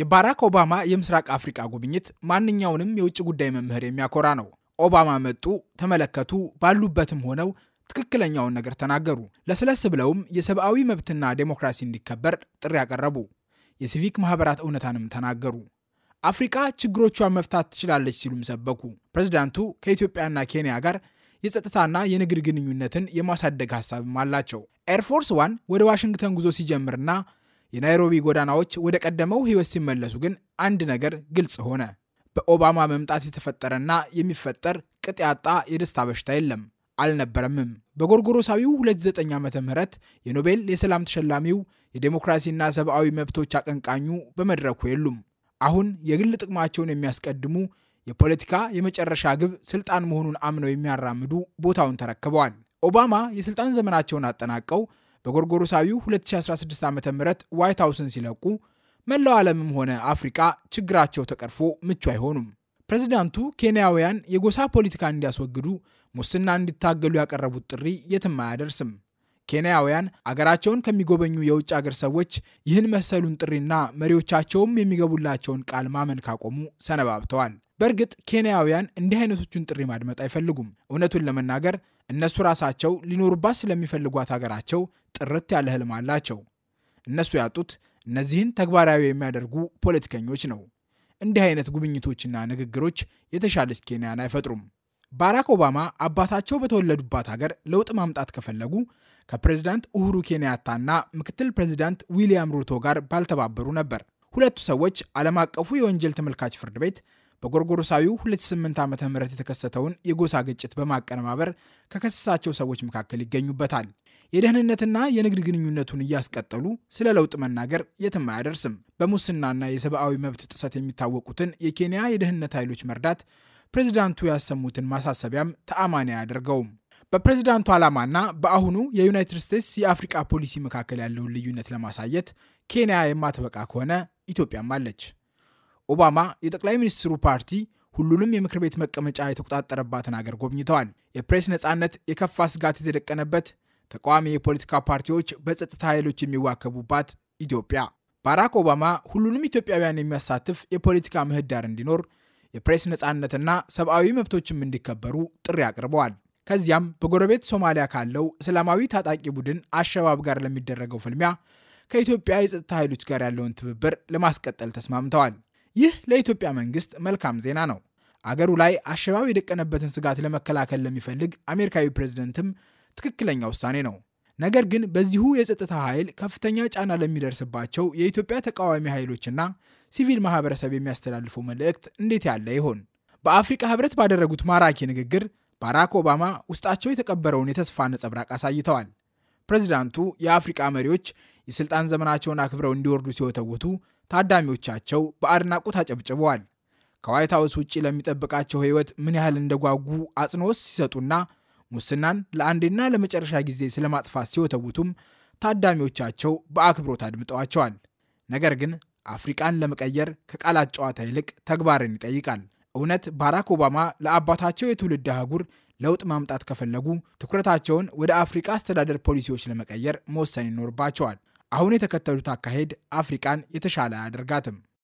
የባራክ ኦባማ የምስራቅ አፍሪቃ ጉብኝት ማንኛውንም የውጭ ጉዳይ መምህር የሚያኮራ ነው። ኦባማ መጡ፣ ተመለከቱ፣ ባሉበትም ሆነው ትክክለኛውን ነገር ተናገሩ። ለስለስ ብለውም የሰብአዊ መብትና ዴሞክራሲ እንዲከበር ጥሪ ያቀረቡ፣ የሲቪክ ማህበራት እውነታንም ተናገሩ። አፍሪቃ ችግሮቿን መፍታት ትችላለች ሲሉም ሰበኩ። ፕሬዚዳንቱ ከኢትዮጵያና ኬንያ ጋር የጸጥታና የንግድ ግንኙነትን የማሳደግ ሀሳብም አላቸው። ኤርፎርስ ዋን ወደ ዋሽንግተን ጉዞ ሲጀምርና የናይሮቢ ጎዳናዎች ወደ ቀደመው ሕይወት ሲመለሱ ግን አንድ ነገር ግልጽ ሆነ። በኦባማ መምጣት የተፈጠረና የሚፈጠር ቅጥ ያጣ የደስታ በሽታ የለም አልነበረምም። በጎርጎሮሳዊው 29 ዓመተ ምህረት የኖቤል የሰላም ተሸላሚው የዴሞክራሲና ሰብአዊ መብቶች አቀንቃኙ በመድረኩ የሉም። አሁን የግል ጥቅማቸውን የሚያስቀድሙ የፖለቲካ የመጨረሻ ግብ ስልጣን መሆኑን አምነው የሚያራምዱ ቦታውን ተረክበዋል። ኦባማ የስልጣን ዘመናቸውን አጠናቀው በጎርጎሮሳዊው 2016 ዓ ም ዋይት ሀውስን ሲለቁ መላው ዓለምም ሆነ አፍሪቃ ችግራቸው ተቀርፎ ምቹ አይሆኑም። ፕሬዚዳንቱ ኬንያውያን የጎሳ ፖለቲካ እንዲያስወግዱ፣ ሙስና እንዲታገሉ ያቀረቡት ጥሪ የትም አያደርስም። ኬንያውያን አገራቸውን ከሚጎበኙ የውጭ አገር ሰዎች ይህን መሰሉን ጥሪና መሪዎቻቸውም የሚገቡላቸውን ቃል ማመን ካቆሙ ሰነባብተዋል። በእርግጥ ኬንያውያን እንዲህ አይነቶቹን ጥሪ ማድመጥ አይፈልጉም። እውነቱን ለመናገር እነሱ ራሳቸው ሊኖሩባት ስለሚፈልጓት አገራቸው ጥርት ያለ ህልም አላቸው። እነሱ ያጡት እነዚህን ተግባራዊ የሚያደርጉ ፖለቲከኞች ነው። እንዲህ አይነት ጉብኝቶችና ንግግሮች የተሻለች ኬንያን አይፈጥሩም። ባራክ ኦባማ አባታቸው በተወለዱባት አገር ለውጥ ማምጣት ከፈለጉ ከፕሬዚዳንት ኡሁሩ ኬንያታና ምክትል ፕሬዚዳንት ዊሊያም ሩቶ ጋር ባልተባበሩ ነበር። ሁለቱ ሰዎች ዓለም አቀፉ የወንጀል ተመልካች ፍርድ ቤት በጎርጎሮሳዊው 28 ዓ ም የተከሰተውን የጎሳ ግጭት በማቀነባበር ከከሰሳቸው ሰዎች መካከል ይገኙበታል። የደህንነትና የንግድ ግንኙነቱን እያስቀጠሉ ስለ ለውጥ መናገር የትም አያደርስም። በሙስናና የሰብአዊ መብት ጥሰት የሚታወቁትን የኬንያ የደህንነት ኃይሎች መርዳት ፕሬዚዳንቱ ያሰሙትን ማሳሰቢያም ተአማኒ አያደርገውም። በፕሬዚዳንቱ ዓላማና በአሁኑ የዩናይትድ ስቴትስ የአፍሪቃ ፖሊሲ መካከል ያለውን ልዩነት ለማሳየት ኬንያ የማትበቃ ከሆነ ኢትዮጵያም አለች። ኦባማ የጠቅላይ ሚኒስትሩ ፓርቲ ሁሉንም የምክር ቤት መቀመጫ የተቆጣጠረባትን አገር ጎብኝተዋል። የፕሬስ ነጻነት የከፋ ስጋት የተደቀነበት፣ ተቃዋሚ የፖለቲካ ፓርቲዎች በጸጥታ ኃይሎች የሚዋከቡባት ኢትዮጵያ። ባራክ ኦባማ ሁሉንም ኢትዮጵያውያን የሚያሳትፍ የፖለቲካ ምህዳር እንዲኖር፣ የፕሬስ ነጻነትና ሰብአዊ መብቶችም እንዲከበሩ ጥሪ አቅርበዋል። ከዚያም በጎረቤት ሶማሊያ ካለው እስላማዊ ታጣቂ ቡድን አሸባብ ጋር ለሚደረገው ፍልሚያ ከኢትዮጵያ የጸጥታ ኃይሎች ጋር ያለውን ትብብር ለማስቀጠል ተስማምተዋል። ይህ ለኢትዮጵያ መንግስት መልካም ዜና ነው። አገሩ ላይ አሸባብ የደቀነበትን ስጋት ለመከላከል ለሚፈልግ አሜሪካዊ ፕሬዝደንትም ትክክለኛ ውሳኔ ነው። ነገር ግን በዚሁ የጸጥታ ኃይል ከፍተኛ ጫና ለሚደርስባቸው የኢትዮጵያ ተቃዋሚ ኃይሎችና ሲቪል ማህበረሰብ የሚያስተላልፈው መልእክት እንዴት ያለ ይሆን? በአፍሪቃ ህብረት ባደረጉት ማራኪ ንግግር ባራክ ኦባማ ውስጣቸው የተቀበረውን የተስፋ ነጸብራቅ አሳይተዋል። ፕሬዚዳንቱ የአፍሪቃ መሪዎች የሥልጣን ዘመናቸውን አክብረው እንዲወርዱ ሲወተውቱ ታዳሚዎቻቸው በአድናቆት አጨብጭበዋል። ከዋይት ሀውስ ውጭ ለሚጠብቃቸው ሕይወት ምን ያህል እንደጓጉ አጽንኦት ሲሰጡና ሙስናን ለአንዴና ለመጨረሻ ጊዜ ስለማጥፋት ሲወተውቱም ታዳሚዎቻቸው በአክብሮት አድምጠዋቸዋል። ነገር ግን አፍሪቃን ለመቀየር ከቃላት ጨዋታ ይልቅ ተግባርን ይጠይቃል። እውነት ባራክ ኦባማ ለአባታቸው የትውልድ አህጉር ለውጥ ማምጣት ከፈለጉ ትኩረታቸውን ወደ አፍሪቃ አስተዳደር ፖሊሲዎች ለመቀየር መወሰን ይኖርባቸዋል። አሁን የተከተሉት አካሄድ አፍሪቃን የተሻለ አያደርጋትም።